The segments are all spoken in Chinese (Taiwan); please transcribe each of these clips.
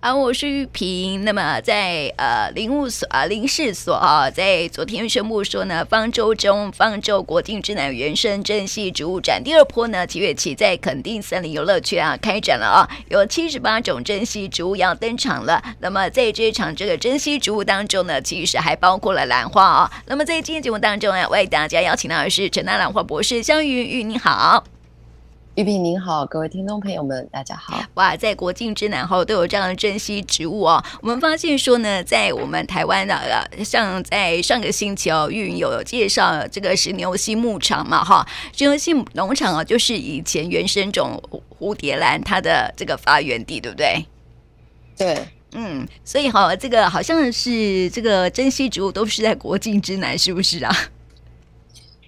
啊，我是玉萍。那麼在呃林務所啊、呃、林試所啊，在昨天宣布說呢，方舟中方舟國境之南原生珍稀植物展第二波呢，七月起在墾丁森林遊樂區啊開展了啊、哦，有七十八種珍稀植物要登場了。那麼在這一場這個珍稀植物當中呢，其實還包括了蘭花啊、哦。那麼在今天節目當中啊，為大家邀請到的是成大蘭花博士郁芸，你好。郁芸您好，各位聽眾朋友們，大家好！哇，在國境之南哈都有這樣的珍稀植物哦。我們發現說呢，在我們台灣的、啊，像在上個星期哦，郁芸有介紹這個石牛溪牧場嘛哈？石牛溪農場啊，就是以前原生種蝴蝶蘭它的這個發源地，對不對？對，嗯，所以哈，這個好像是這個珍稀植物都是在國境之南，是不是啊？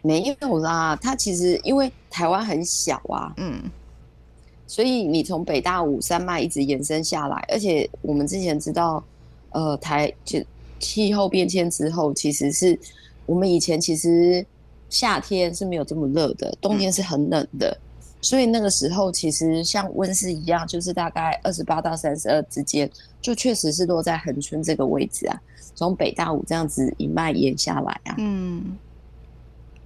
沒有啦，它其實因為台灣很小啊，嗯，所以你從北大武山脈，一直延伸下來，而且我們之前知道，呃，台氣候變遷之後，其實是我們以前其實夏天是沒有這麼熱的，冬天是很冷的，嗯、所以那個時候其實像溫室一樣，就是大概二十八到三十二之間，就確實是落在恆春這個位置啊，從北大武這樣子一脈延下來啊，嗯。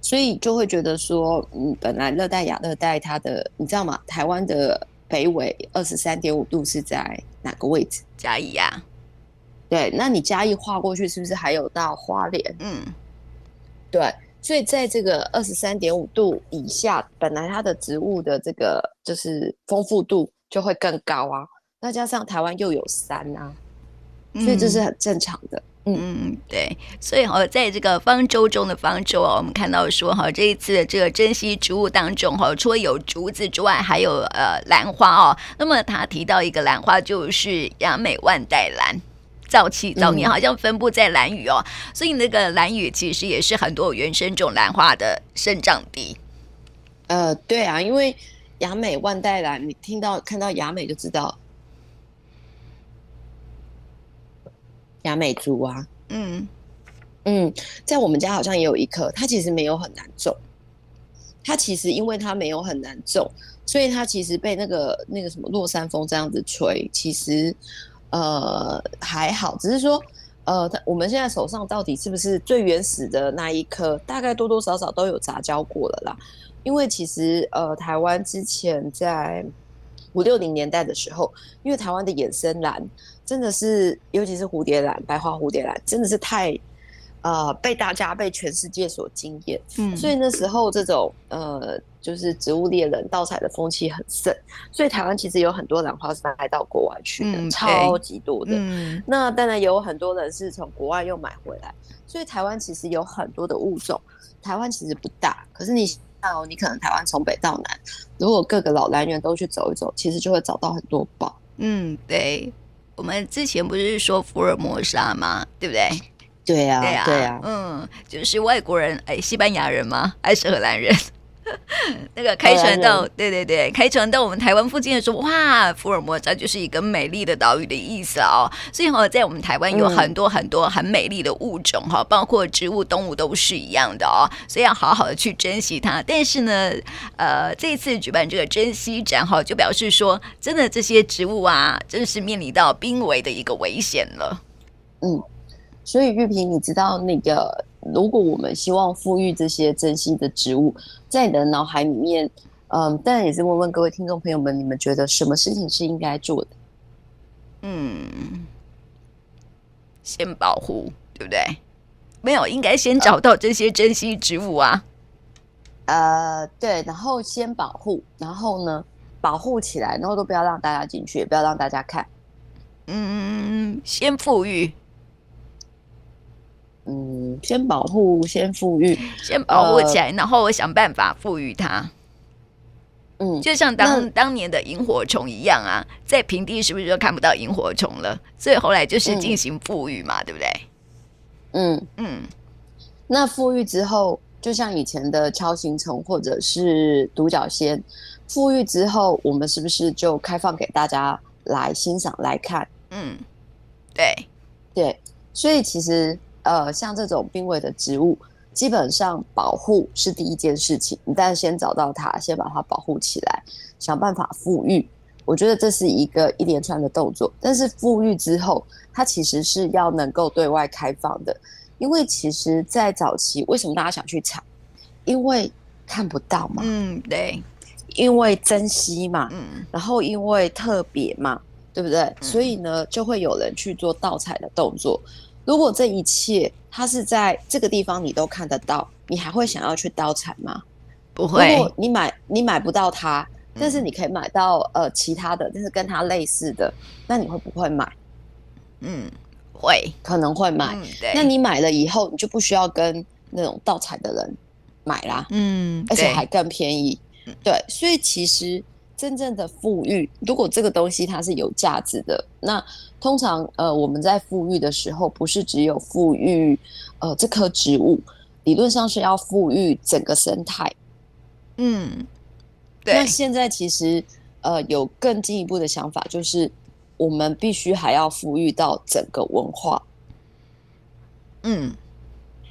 所以就會覺得說，嗯，本來熱帶亞熱帶它的，你知道嗎？台灣的北緯二十三點五度是在哪個位置？嘉義啊。對，那你嘉義劃過去是不是還有到花蓮？嗯，對，所以在這個二十三點五度以下，本來它的植物的這個就是豐富度就會更高啊。那加上台灣又有山啊。所以這是很正常的，嗯嗯嗯，對。所以哦，在這個方舟中的方舟哦，我們看到說哈，這一次的這個珍稀植物當中，哈，除了有竹子之外，還有呃蘭花哦。那麼他提到一個蘭花，就是雅美萬代蘭，早期早年，嗯、好像分布在蘭嶼哦，所以那個蘭嶼其實也是很多原生種蘭花的生長地。呃，對啊，因為雅美萬代蘭，你聽到看到雅美就知道。雅美族啊，嗯嗯，在我們家好像也有一顆。它其實沒有很難種，它其實因為它沒有很難種，所以它其實被那個那個什麼落山風這樣子吹，其實呃還好，只是說呃，我們現在手上到底是不是最原始的那一顆，大概多多少少都有雜交過了啦，因為其實呃，台灣之前在。五六零年代的時候，因為台灣的野生蘭真的是，尤其是蝴蝶蘭、白花蝴蝶蘭，真的是太，呃，被大家、被全世界所驚艷。嗯，所以那時候這種呃，就是植物獵人盜採的風氣很盛，所以台灣其實有很多蘭花是賣到國外去的，嗯、okay, 超級多的。嗯，那當然有很多人是從國外又買回來，所以台灣其實有很多的物種。台灣其實不大，可是你。哦，你可能台灣從北到南，如果各個老來園都去走一走，其實就會找到很多寶。嗯，對，我們之前不是說福爾摩沙嗎？對不對？對啊，對啊，嗯，就是外國人，哎，西班牙人嗎？還是荷蘭人？ 那個開船到，嗯、對對對，開船到我們台灣附近的時候，哇，福爾摩沙就是一個美麗的島嶼的意思哦。所以哈、哦，在我們台灣有很多很多很美麗的物種哈，嗯、包括植物、動物都是一樣的哦。所以要好好的去珍惜它。但是呢，呃，這一次舉辦這個珍稀展哈，就表示說，真的這些植物啊，真的是面臨到瀕危的一個危險了。嗯，所以玉萍，你知道那個？如果我們希望復育這些珍稀的植物，在你的腦海裡面，嗯，當然也是問問各位聽眾朋友們，你們覺得什麼事情是應該做的？嗯，先保護，對不對？沒有，應該先找到這些珍稀植物啊，啊。呃，對，然後先保護，然後呢，保護起來，然後都不要讓大家進去，也不要讓大家看。嗯，先復育。嗯，先保護，先復育，先保護起來，呃、然後我想辦法復育它。嗯，就像當那當年的螢火蟲一樣啊，在平地是不是就看不到螢火蟲了？所以後來就是進行復育嘛，嗯、對不對？嗯嗯。嗯，那復育之後，就像以前的鍬形蟲或者是獨角仙，復育之後，我們是不是就開放給大家來欣賞來看？嗯，對對，所以其實。呃，像這種瀕危的植物，基本上保護是第一件事情。你但先找到它，先把它保護起來，想辦法復育。我覺得這是一個一連串的動作。但是復育之後，它其實是要能夠對外開放的。因為其實，在早期，為什麼大家想去採？因為看不到嘛。嗯，對。因為珍稀嘛。嗯。然後因為特別嘛，對不對？嗯，所以呢，就會有人去做盜採的動作。如果，這一切它是在這個地方，你都看得到，你還會想要去盜採嗎？不會。如果你買你買不到它，嗯、但是你可以買到呃其他的，但是跟它類似的，那你會不會買？嗯，會，可能會買。嗯、對，那你買了以後，你就不需要跟那種盜採的人買啦。嗯，而且還更便宜。對，所以其實。真正的復育，如果這個東西它是有價值的，那通常呃我們在復育的時候，不是只有復育呃這棵植物，理論上是要復育整個生態。嗯，對。那現在其實呃有更進一步的想法，就是我們必須還要復育到整個文化。嗯，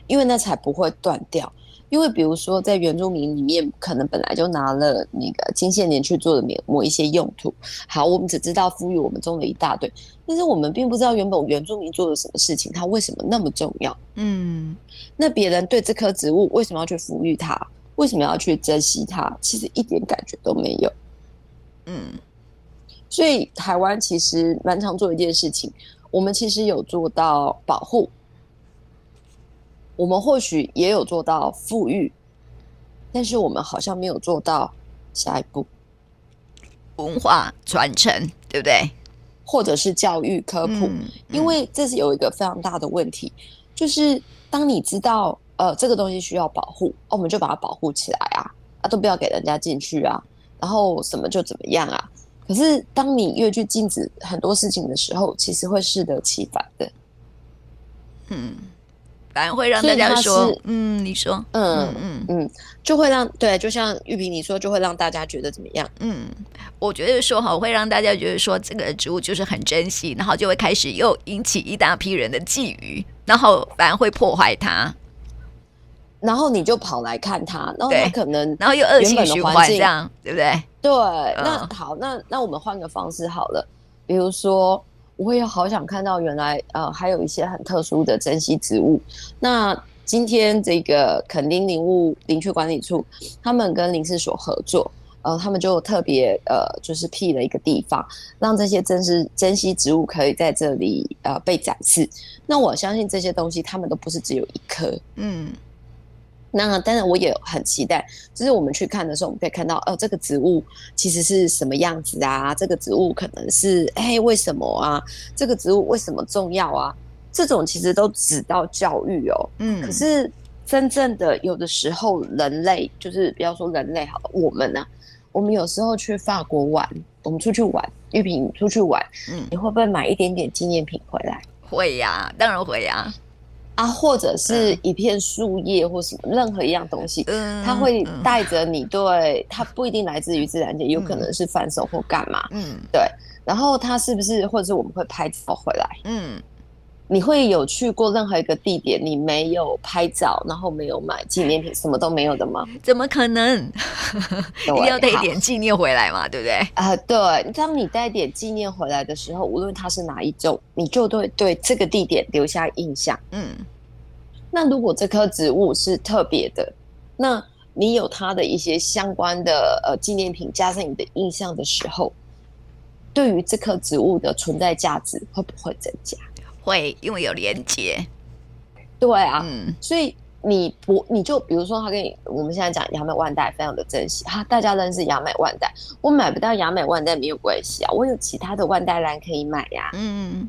因為那才不會斷掉。因為，比如說，在原住民裡面，可能本來就拿了那個金線蓮去做的某一些用途。好，我們只知道撫育我們中的一大堆，但是我們並不知道原本原住民做了什麼事情，它為什麼那麼重要？嗯，那別人對這棵植物為什麼要去撫育它？為什麼要去珍惜它？其實一點感覺都沒有。嗯，所以台灣其實蠻常做一件事情，我們其實有做到保護。我們或許也有做到富裕，但是我們好像沒有做到下一步文化傳承，對不對？或者是教育科普，嗯嗯、因為這是有一個非常大的問題，就是當你知道、嗯、呃這個東西需要保護、啊，我們就把它保護起來啊，啊都不要給人家進去啊，然後什麼就怎麼樣啊。可是當你越去禁止很多事情的時候，其實會適得其反的，嗯。反而會讓大家說，嗯，你說，嗯嗯嗯，嗯嗯就會讓對，就像鬱芸你說，就會讓大家覺得怎麼樣？嗯，我覺得說好，會讓大家覺得說這個植物就是很珍惜，然後就會開始又引起一大批人的覬覦，然後反而會破壞它，然後你就跑來看它，然後它可能的然後又惡性循環，這樣對不對？對，那、嗯、好，那那我們換個方式好了，比如說。我也好想看到原來，呃，還有一些很特殊的珍稀植物。那今天這個墾丁林務林區管理處，他們跟林試所合作，呃，他們就特別呃，就是闢了一個地方，讓這些珍稀、珍稀植物可以在這裡呃被展示。那我相信這些東西，他們都不是只有一棵，嗯。那當然，我也很期待。就是我們去看的時候，我們可以看到，哦、呃，這個植物其實是什麼樣子啊？這個植物可能是，哎、欸，為什麼啊？這個植物為什麼重要啊？這種其實都只到教育哦、喔。嗯。可是真正的，有的時候人類，就是比方說人類好我們呢、啊？我們有時候去法國玩，我們出去玩，郁芸出去玩，嗯、你會不會買一點點紀念品回來？會呀、啊，當然會呀、啊。啊，或者是一片樹葉或什麼，嗯、任何一樣東西，它會帶着你對、嗯嗯、它不一定來自於自然界，有可能是販售或幹嘛嗯，嗯，對，然後它是不是或者是我們會拍照回來，嗯。你會有去過任何一個地點，你沒有拍照，然後沒有買紀念品，欸、什麼都沒有的嗎？怎麼可能？你 要帶點紀念回來嘛， 對不對？啊、呃，對。當你帶點紀念回來的時候，無論它是哪一種，你就對對這個地點留下印象。嗯。那如果這棵植物是特別的，那你有它的一些相關的呃紀念品，加上你的印象的時候，對於這棵植物的存在價值會不會增加？會，因為有連接。對啊，嗯、所以你不，你就比如說，他跟你我們現在講，雅美萬代非常的珍稀。哈、啊，大家認識雅美萬代，我買不到雅美萬代沒有關係啊，我有其他的萬代蘭可以買呀，啊。嗯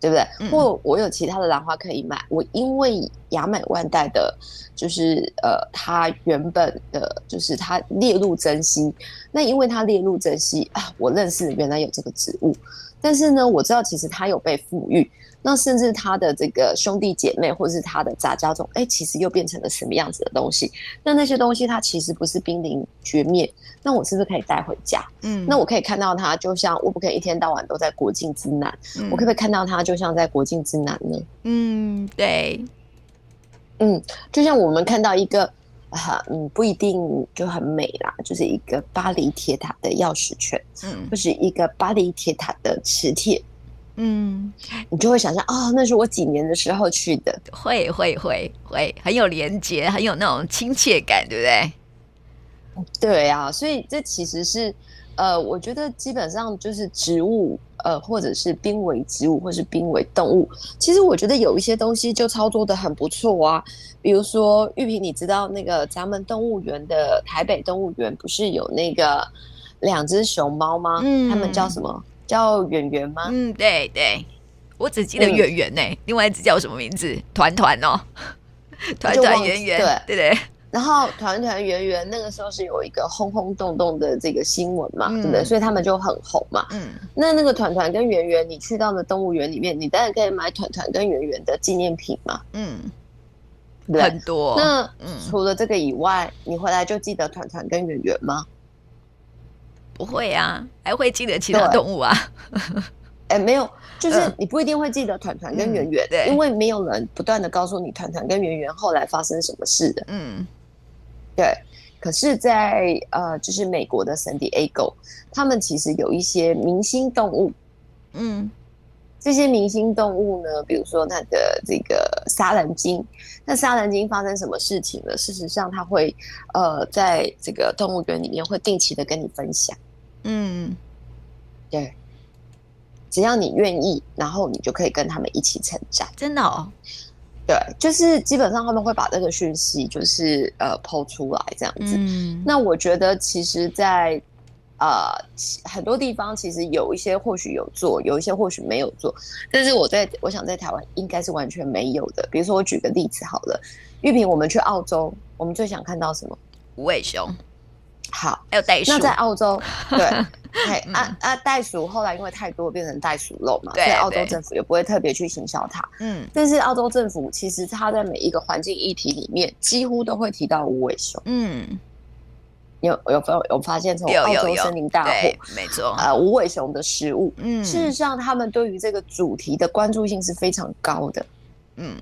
對不對？嗯、或我有其他的蘭花可以買，我因為雅美萬代的，就是呃，它原本的，就是它列入珍稀。那因為它列入珍稀啊，我認識原來有這個植物。但是呢，我知道其實他有被復育，那甚至他的這個兄弟姐妹或者是他的雜交種，哎、欸，其實又變成了什麼樣子的東西？那那些東西它其實不是瀕臨絕滅，那我是不是可以帶回家？嗯，那我可以看到它，就像我不可以一天到晚都在國境之南，嗯、我可不可以看到它，就像在國境之南呢？嗯，對，嗯，就像我們看到一個。哈，嗯，不一定就很美啦，就是一個巴黎鐵塔的鑰匙圈，嗯，或是一個巴黎鐵塔的磁鐵，嗯，你就會想象，哦，那是我幾年的時候去的，會會會會，很有連接，很有那種親切感，對不對？對啊，所以這其實是。呃，我覺得基本上就是植物，呃，或者是瀕危植物，或者是瀕危動物。其實我覺得有一些東西就操作的很不錯啊。比如說玉平，你知道那個咱們動物園的台北動物園不是有那個兩隻熊貓嗎？嗯，他們叫什麼？叫圓圓嗎？嗯，對對，我只記得圓圓呢、欸，嗯、另外一隻叫什麼名字？團團哦， 團，團圓圓對對對。對然後團團圓圓那個時候是有一個轟轟動動的這個新聞嘛，嗯、對不對？所以他們就很紅嘛。嗯。那那個團團跟圓圓，你去到了動物園裡面，你當然可以買團團跟圓圓的紀念品嘛。嗯。對很多。那、嗯、除了這個以外，你回來就記得團團跟圓圓嗎？不會啊，還會記得其他動物啊。哎對， 沒有，就是你不一定會記得團團跟圓圓，對、嗯，因為沒有人不斷的告訴你團團跟圓圓後來發生什麼事的。嗯。對，可是在，在呃，就是美國的 San Diego，他們其實有一些明星動物，嗯，這些明星動物呢，比如說那個這個沙蘭精。那沙蘭精發生什麼事情呢？事實上，它會呃，在這個動物園裡面會定期的跟你分享，嗯，對，只要你願意，然後你就可以跟他們一起成長，真的哦。對，就是基本上他們會把這個訊息就是呃拋出來這樣子。嗯，那我覺得其實在，在呃很多地方其實有一些或許有做，有一些或許沒有做。但是我在我想在台灣應該是完全沒有的。比如說我舉個例子好了，玉平，我們去澳洲，我們最想看到什麼？無尾熊。好，那在澳洲，對， 嗯、哎啊啊袋鼠，後來因為太多變成袋鼠肉嘛，對所以澳洲政府也不會特別去行銷它。嗯對，但是澳洲政府其實它在每一個環境議題裡面，幾乎都會提到無尾熊。嗯，有有有有發現從澳洲森林大火，有有有沒錯，呃，無尾熊的食物。嗯，事實上他們對於這個主題的關注性是非常高的。嗯，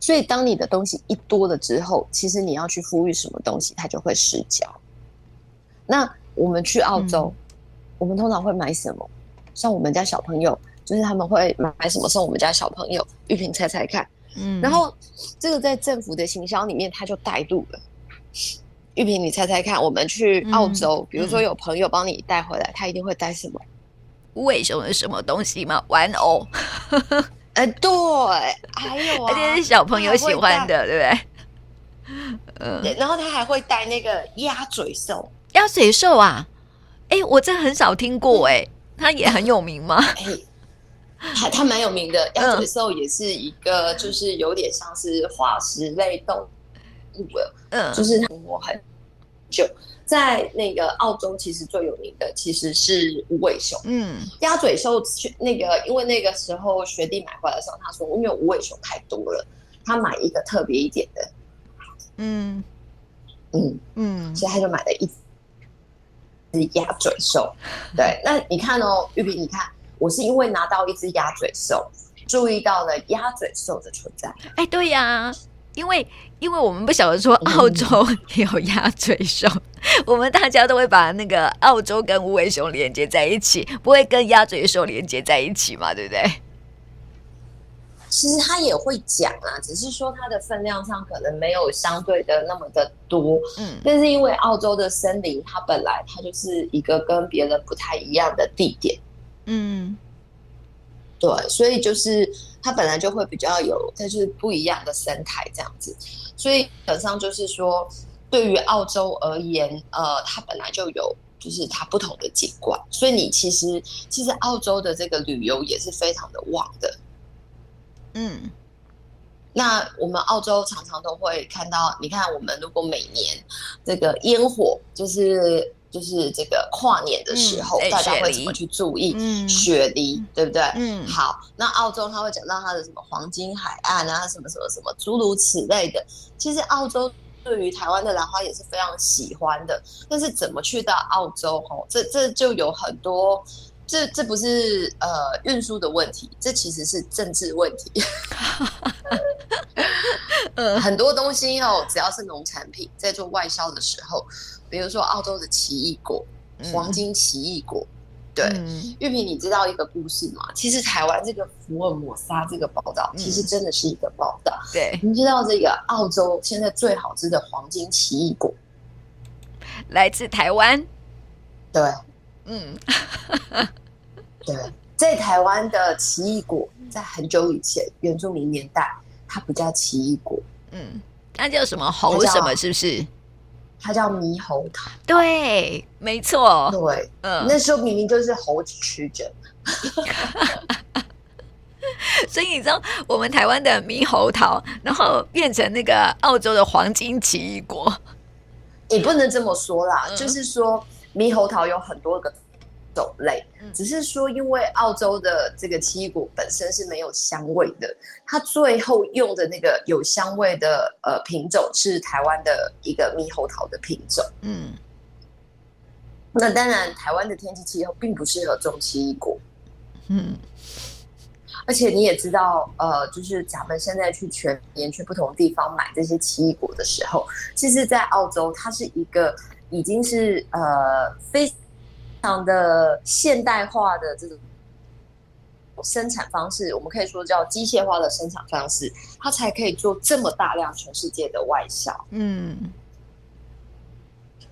所以當你的東西一多了之後，其實你要去呼籲什麼東西，它就會失焦。那我們去澳洲，嗯、我們通常會買什麼？像我們家小朋友，就是他們會買什麼送我們家小朋友？玉平猜猜看。嗯，然後這個在政府的行銷裡面，他就帶路了。玉平，你猜猜看，我們去澳洲，嗯、比如說有朋友幫你帶回來，他一定會帶什麼？為什麼什麼東西嗎？玩偶。 呃，對，還有啊，這些小朋友喜歡的，對不對？嗯，然後他還會帶那個鴨嘴獸。鴨嘴獸啊，誒、欸，我這很少聽過、欸，誒、嗯，它也很有名嗎？哎、欸，它它蠻有名的，鴨嘴獸也是一個，就是有點像是化石類動物了，嗯，就是我很就在那個澳洲，其實最有名的其實是無尾熊，嗯，鴨嘴獸去那個，因為那個時候學弟買回來的時候，他說因為無尾熊太多了，他買一個特別一點的，嗯，嗯嗯，嗯所以他就買了一。鴨嘴獸，對，那你看哦，郁芸，你看，我是因為拿到一隻鴨嘴獸，注意到了鴨嘴獸的存在。哎、欸，對呀、啊，因為因為我們不曉得說澳洲有鴨嘴獸，嗯、 我們大家都會把那個澳洲跟無尾熊連接在一起，不會跟鴨嘴獸連接在一起嘛，對不對？其實他也會講啊，只是說它的分量上可能沒有相對的那麼的多，嗯，但是因為澳洲的森林它本來它就是一個跟別人不太一樣的地點，嗯，對，所以就是它本來就會比較有，就是不一樣的生態這樣子，所以基本上就是說對於澳洲而言，呃，它本來就有就是它不同的景觀，所以你其實其實澳洲的這個旅遊也是非常的旺的。嗯，那我們澳洲常常都會看到，你看我們如果每年這個煙火，就是就是這個跨年的時候，嗯欸、大家會怎麼去注意雪梨，嗯、對不對？嗯，好，那澳洲他會講到他的什麼黃金海岸啊，什麼什麼什麼諸如此類的。其實澳洲對於台灣的蘭花也是非常喜歡的，但是怎麼去到澳洲哦，這這就有很多。這這不是呃運輸的問題，這其實是政治問題。呃 很多東西哦，只要是農產品在做外銷的時候，比如說澳洲的奇異果，黃金奇異果，嗯、對。嗯、玉平，你知道一個故事嗎？其實台灣這個福爾摩沙這個寶島，嗯、其實真的是一個寶島，嗯。對，你知道這個澳洲現在最好吃的黃金奇異果，來自台灣，對。嗯， 對，在台灣的奇異果，在很久以前原住民年代，它不叫奇異果，嗯，那叫什麼猴什麼？是不是？它叫獼猴桃，對，沒錯，對，嗯，那時候明明就是猴子吃着，所以你知道我們台灣的獼猴桃，然後變成那個澳洲的黃金奇異果，也不能這麼說啦，嗯、就是說。獼猴桃有很多個種類，只是說因為澳洲的這個奇異果本身是沒有香味的，它最後用的那個有香味的呃品種是台灣的一個獼猴桃的品種。嗯，那當然，台灣的天氣氣候並不適合種奇異果。嗯，而且你也知道，呃，就是咱們現在去全年去不同地方買這些奇異果的時候，其實，在澳洲它是一個。已經是呃非常的現代化的這種生產方式，我們可以說叫機械化的生產方式，它才可以做這麼大量全世界的外銷。嗯，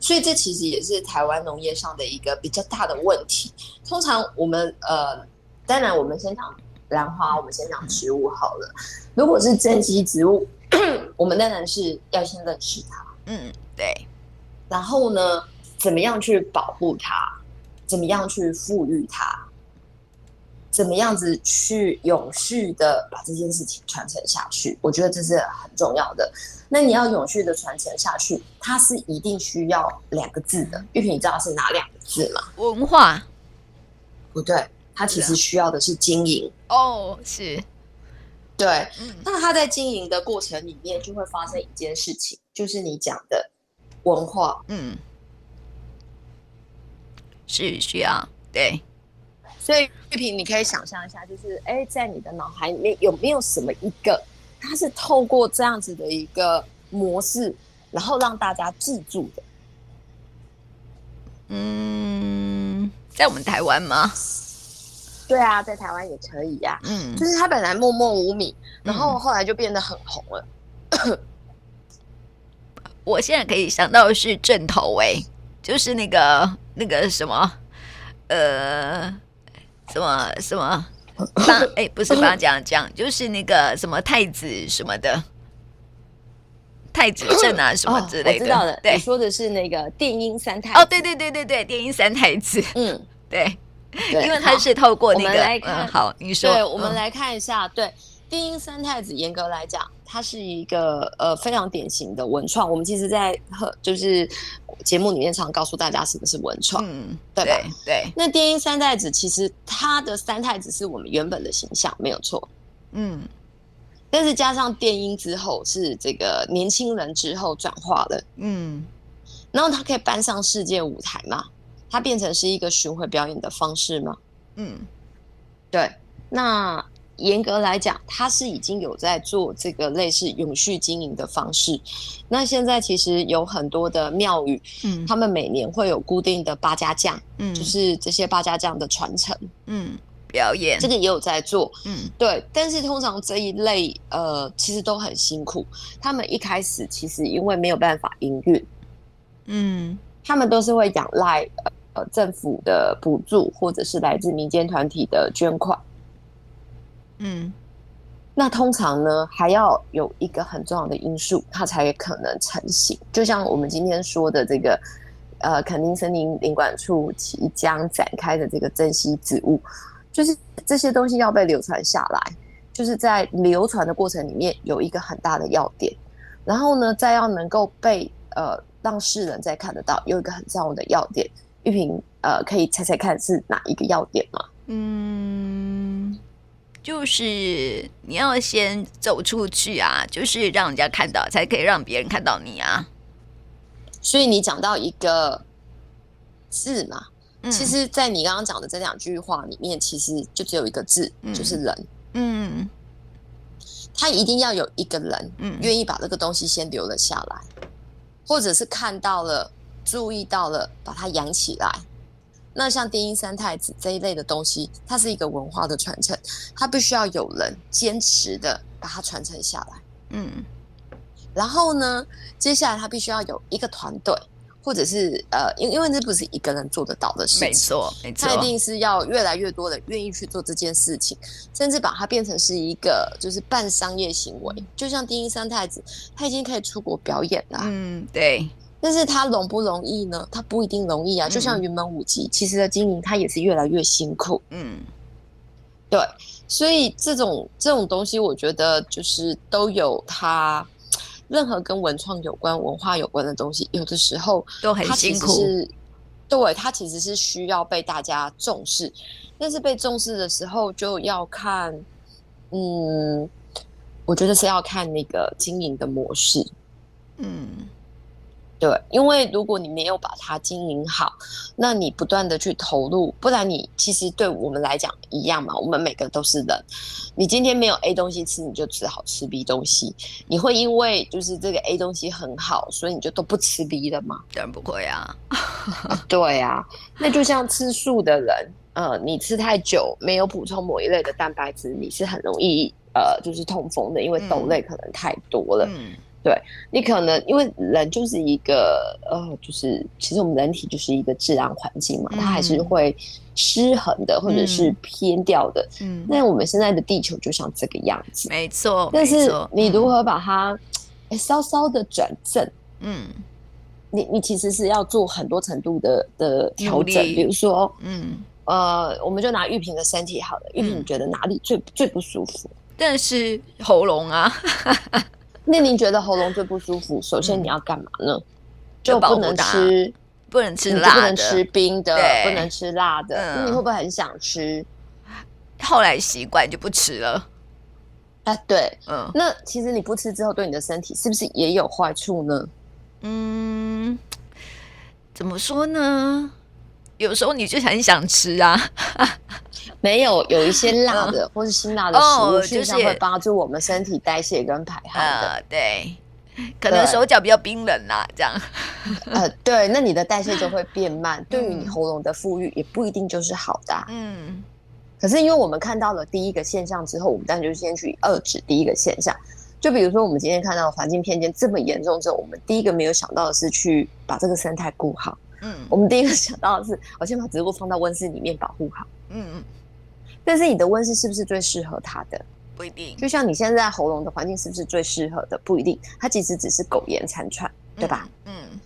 所以這其實也是台灣農業上的一個比較大的問題。通常我們呃，當然我們先講蘭花，我們先講植物好了。嗯、如果是珍稀植物， 我們當然是要先認識它。嗯，對。然後呢？怎麼樣去保護它？怎麼樣去復育它？怎麼樣子去永續的把這件事情傳承下去？我覺得這是很重要的。那你要永續的傳承下去，它是一定需要兩個字的。郁芸你知道是哪兩個字嗎？文化。不對，它其實需要的是經營。哦，是。對，嗯、那它在經營的過程裡面就會發生一件事情，就是你講的。文化，嗯，是需要對，所以玉萍，你可以想象一下，就是哎，在你的腦海裡面有沒有什麼一個，它是透過這樣子的一個模式，然後讓大家記住的？嗯，在我們台灣嗎？對啊，在台灣也可以呀，啊。嗯，就是他本來默默無名，然後後來就變得很紅了。嗯 我現在可以想到的是正頭哎，就是那個那個什麼，呃，什麼什麼哎、 欸、不是八講講，就是那個什麼太子什麼的，太子正啊什麼之類的， 哦、對，你說的是那個電音三太子哦，對對對對對，電音三太子，嗯，對，因為他是透過那個 嗯，好，你說，對，我們來看一下，嗯、對。電音三太子嚴格來講，它是一個呃非常典型的文創。我們其實在，在和就是節目裡面常告訴大家什麼是文創，嗯、對吧？對。對。那電音三太子其實它的三太子是我們原本的形象，沒有錯。嗯。但是加上電音之後，是這個年輕人之後轉化的。嗯。然後它可以搬上世界舞台嘛，它變成是一個巡迴表演的方式嘛。嗯。對，那。嚴格來講，他是已經有在做這個類似永續經營的方式。那現在其實有很多的廟宇，嗯，他們每年會有固定的八家將，嗯，就是這些八家將的傳承，嗯，表演，這個也有在做，嗯，對。但是通常這一類，呃，其實都很辛苦。他們一開始其實因為沒有辦法營運，嗯，他們都是會仰賴呃政府的補助或者是來自民間團體的捐款。嗯，嗯，那通常呢，還要有一個很重要的因素，它才可能成型。就像我們今天說的這個，呃，墾丁森林林管處即將展開的這個珍稀植物，就是這些東西要被流傳下來，就是在流傳的過程裡面有一個很大的要點。然後呢，再要能夠被呃讓世人再看得到，有一個很重要的要點。郁芸呃，可以猜猜看是哪一個要點嗎？嗯。就是你要先走出去啊，就是讓人家看到，才可以讓別人看到你啊。所以你講到一個字嘛，嗯、其實在你剛剛講的這兩句話裡面，其實就只有一個字，嗯、就是人。嗯，他一定要有一個人，嗯，願意把這個東西先留了下來，嗯、或者是看到了、注意到了，把它養起來。那像電音三太子這一類的東西，它是一個文化的傳承，它必須要有人堅持的把它傳承下來。嗯，然後呢，接下來它必須要有一個團隊，或者是呃，因因為這不是一個人做得到的事情，沒錯，沒錯，他一定是要越來越多的願意去做這件事情，甚至把它變成是一個就是半商業行為。嗯、就像電音三太子，他已經可以出國表演了。嗯，對。但是它容不容易呢？它不一定容易啊。就像雲門舞集，嗯、其實的經營它也是越來越辛苦。嗯，對，所以這種這種東西，我覺得就是都有它。任何跟文創有關、文化有關的東西，有的時候都很辛苦。對，它其實是需要被大家重視，但是被重視的時候就要看，嗯，我覺得是要看那個經營的模式。嗯。對，因為如果你沒有把它經營好，那你不斷的去投入，不然你其實對我們來講一樣嘛，我們每個都是人。你今天沒有 A 東西吃，你就只好吃 B 東西。你會因為就是這個 A 東西很好，所以你就都不吃 B 了嗎？當然不會啊， 啊。對啊，那就像吃素的人，呃，你吃太久沒有補充某一類的蛋白質，你是很容易呃就是痛風的，因為豆類可能太多了。嗯。嗯對，你可能因為人就是一個呃、哦，就是其實我們人體就是一個自然環境嘛，嗯、它還是會失衡的，或者是偏掉的。嗯，那、嗯、我們現在的地球就像這個樣子，沒錯。沒錯，但是你如何把它、嗯欸，稍稍的轉正？嗯，你你其實是要做很多程度的的調整，力比如說，嗯呃，我們就拿玉平的身體好了。嗯、玉平，你覺得哪裡最最不舒服？但是喉嚨啊。 那你覺得喉嚨最不舒服，嗯、首先你要幹嘛呢？就不，就不能吃，不能吃辣的，不能吃冰的，對不能吃辣的。嗯、那你會不會很想吃？後來習慣就不吃了。啊，對，嗯。那其實你不吃之後，對你的身體是不是也有壞處呢？嗯，怎麼說呢？有時候你就很想吃啊，哈哈，沒有有一些辣的、嗯、或是辛辣的食物，哦、就是會幫助我們身體代謝跟排汗、呃。對， 可能手腳比較冰冷、啊、啦，這樣。呃，對，那你的代謝就會變慢， 對於你喉嚨的富裕也不一定就是好的。嗯，可是因為我們看到了第一個現象之後，我們當然就先去遏制第一個現象。就比如說我們今天看到環境偏見這麼嚴重之後，我們第一個沒有想到的是去把這個生態顧好。嗯，我們第一個想到的是，我先把植物放到溫室裡面保護好。嗯嗯，但是你的溫室是不是最適合它的？不一定。就像你現在喉嚨的環境是不是最適合的？不一定。它其實只是苟延殘喘，嗯、對吧？嗯。嗯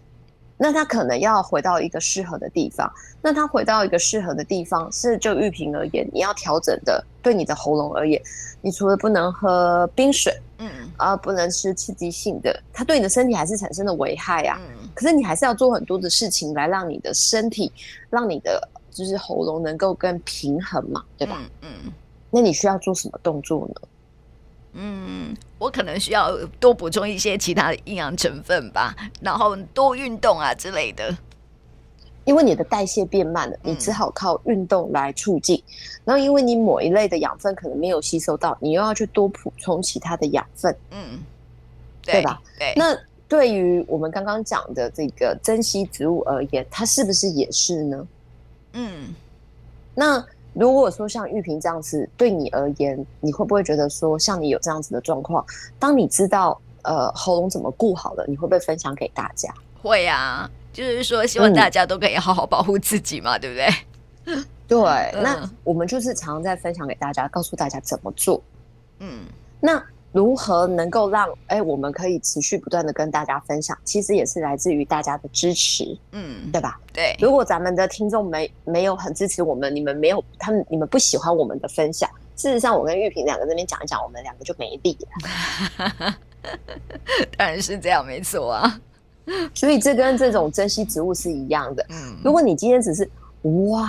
那他可能要回到一個適合的地方。那他回到一個適合的地方，是就玉瓶而言，你要調整的對你的喉嚨而言，你除了不能喝冰水，嗯，啊，不能吃刺激性的，它對你的身體還是產生了危害啊。嗯，可是你還是要做很多的事情，來讓你的身體，讓你的就是喉嚨能夠更平衡嘛，對吧？嗯，那你需要做什麼動作呢？嗯，我可能需要多補充一些其他的營養成分吧，然後多運動啊之類的。因為你的代謝變慢了，你只好靠運動來促進。嗯、然後，因為你某一類的養分可能沒有吸收到，你又要去多補充其他的養分。嗯，對，對吧？對。那對於我們剛剛講的這個珍稀植物而言，它是不是也是呢？嗯，那。如果說像玉萍這樣子，對你而言，你會不會覺得說像你有這樣子的狀況？當你知道呃喉嚨怎麼顧好了，你會不會分享給大家？會啊，就是說希望大家都可以好好保護自己嘛，嗯、對不對？對，嗯、那我們就是常常在分享給大家，告訴大家怎麼做。嗯，那。如何能夠讓哎、欸，我們可以持續不斷的跟大家分享？其實也是來自於大家的支持，嗯，對吧？對。如果咱們的聽眾沒沒有很支持我們，你們沒有他們，你們不喜歡我們的分享。事實上，我跟玉萍兩個這邊講一講，我們兩個就沒力了。 當然是這樣，沒錯、啊。所以這跟這種珍稀植物是一樣的。嗯，如果你今天只是。哇，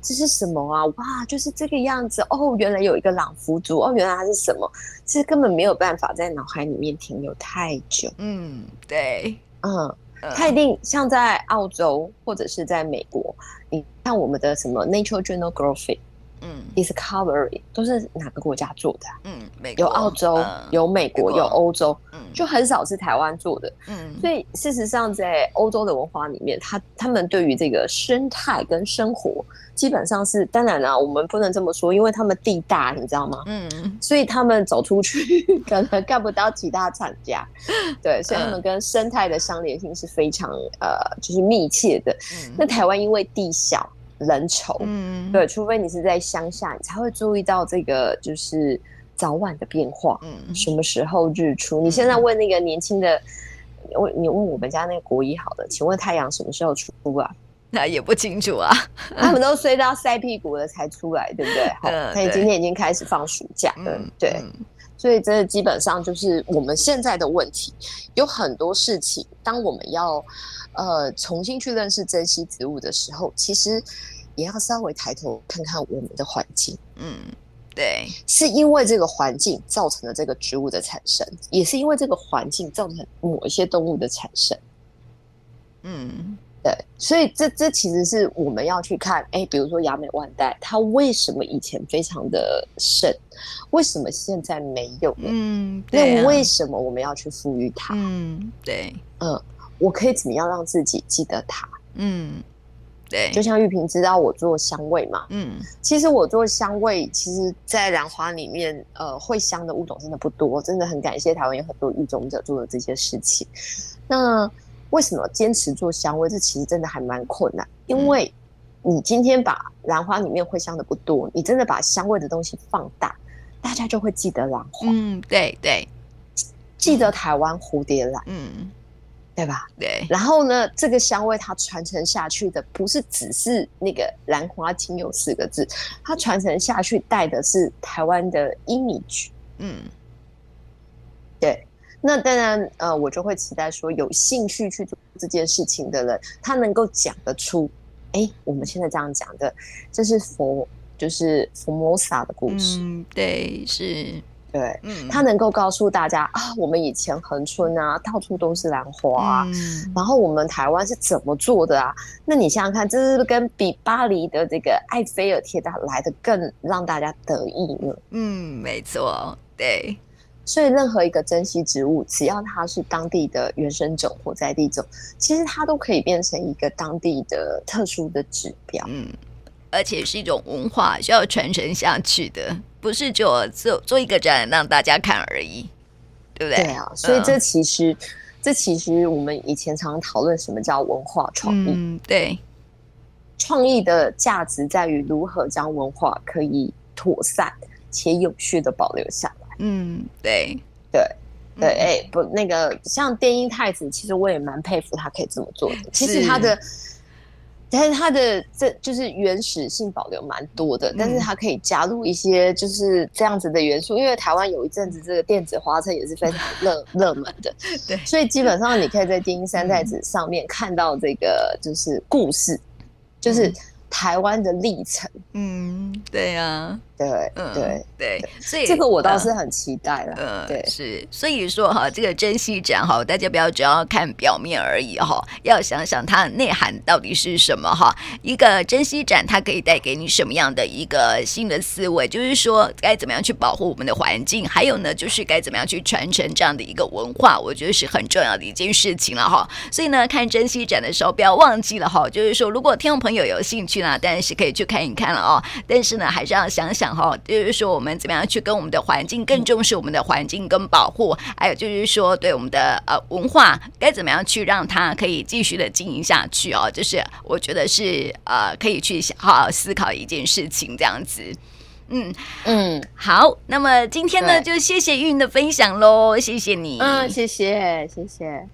這是什麼啊？哇，就是這個樣子哦。原來有一個朗福族。哦，原來它是什麼？其實根本沒有辦法在腦海裡面停留太久。嗯，對，嗯，它一、uh. 定像在澳洲或者是在美國。你看我們的什麼 National Geographic。Discovery 都是哪個國家做的、啊？嗯，美國有澳洲，呃、有美國，美國有歐洲，嗯、就很少是台灣做的。嗯，所以事實上，在歐洲的文化裡面，他他們對於這個生態跟生活，基本上是當然啦、啊，我們不能這麼說，因為他們地大，你知道嗎？嗯，所以他們走出去可能干不到其他廠家，嗯、對，所以他們跟生態的相連性是非常呃，就是密切的。嗯、那台灣因為地小。人丑，嗯對，除非你是在鄉下，你才會注意到這個就是早晚的變化，嗯，什麼時候日出？你現在問那個年輕的，問、嗯、你問我們家那個國一。好的，請問太陽什麼時候出啊？那也不清楚啊，嗯、他們都睡到曬屁股了才出來，對不對？好，所以、嗯、今天已經開始放暑假，對對嗯，對、嗯，所以這基本上就是我們現在的問題，有很多事情，當我們要呃重新去認識、珍稀植物的時候，其實也要稍微抬頭看看我們的環境，嗯，對，是因為這個環境造成了這個植物的產生，也是因為這個環境造成某一些動物的產生，嗯。對，所以這這其實是我們要去看，哎，比如說雅美萬代，它為什麼以前非常的盛，為什麼現在沒有呢？嗯，那、啊、為什麼我們要去賦予它？嗯，對，嗯，我可以怎麼樣讓自己記得它？嗯，對，就像玉平知道我做香味嘛，嗯，其實我做香味，其實在蘭花裡面，呃，會香的物種真的不多，真的很感謝台灣有很多育種者做的這些事情，那。為什麼堅持做香味？這其實真的還蠻困難，因為你今天把蘭花裡面會香的不多，嗯、你真的把香味的東西放大，大家就會記得蘭花。嗯，對對，記，記得台灣蝴蝶蘭。嗯，對吧？對。然後呢，這個香味它傳承下去的，不是只是那個“蘭花清幽”四個字，它傳承下去帶的是台灣的 image 嗯。那當然，呃，我就會期待說，有興趣去做這件事情的人，他能夠講得出，哎，我們現在這樣講的，這是佛，就是佛摩薩的故事。嗯，對，是，對，嗯，他能夠告訴大家啊，我們以前恆春啊，到處都是蘭花，啊，嗯，然後我們台灣是怎麼做的啊？那你想想看，這是不是跟比巴黎的這個埃菲爾鐵塔來得更讓大家得意呢？嗯，沒錯，對。所以，任何一個珍稀植物，只要它是當地的原生種或在地種，其實它都可以變成一個當地的特殊的指標。嗯，而且是一種文化需要傳承下去的，不是就做做一個展覽讓大家看而已，對不對？對啊，所以這其實，嗯，這其實我們以前常討論什麼叫文化創意，嗯，對，創意的價值在於如何將文化可以妥善且有序的保留下來。嗯，對對對，哎、嗯欸，不，那個像電音太子，其實我也蠻佩服他，可以這麼做的。其實他的，是但是他的這就是原始性保留蠻多的，但是他可以加入一些就是這樣子的元素。嗯、因為台灣有一陣子這個電子花車也是非常熱 熱門的，對，所以基本上你可以在電音三太子上面看到這個就是故事，嗯、就是台灣的歷程，嗯。嗯對呀、啊，對，嗯，對對，對對，所以，嗯、這個我倒是很期待了，嗯，對，是，所以說哈，這個珍稀展哈，大家不要只要看表面而已哈，要想想它的內涵到底是什麼哈。一個珍稀展，它可以帶給你什麼樣的一個新的思維，就是說該怎麼樣去保護我們的環境，還有呢，就是該怎麼樣去傳承這樣的一個文化，我覺得是很重要的一件事情了哈。所以呢，看珍稀展的時候，不要忘記了哈，就是說如果聽眾朋友有興趣呢，當然是可以去看一看了啊，哦，但是。那還是要想想哈、哦，就是說我們怎麼樣去跟我們的環境更重視我們的環境跟保護，還有就是說對我們的呃文化，該怎麼樣去讓它可以繼續的經營下去哦。就是我覺得是呃，可以去好好思考一件事情這樣子。嗯嗯，好，那麼今天呢，對就謝謝鬱芸的分享嘍，謝謝你，嗯，謝謝謝謝。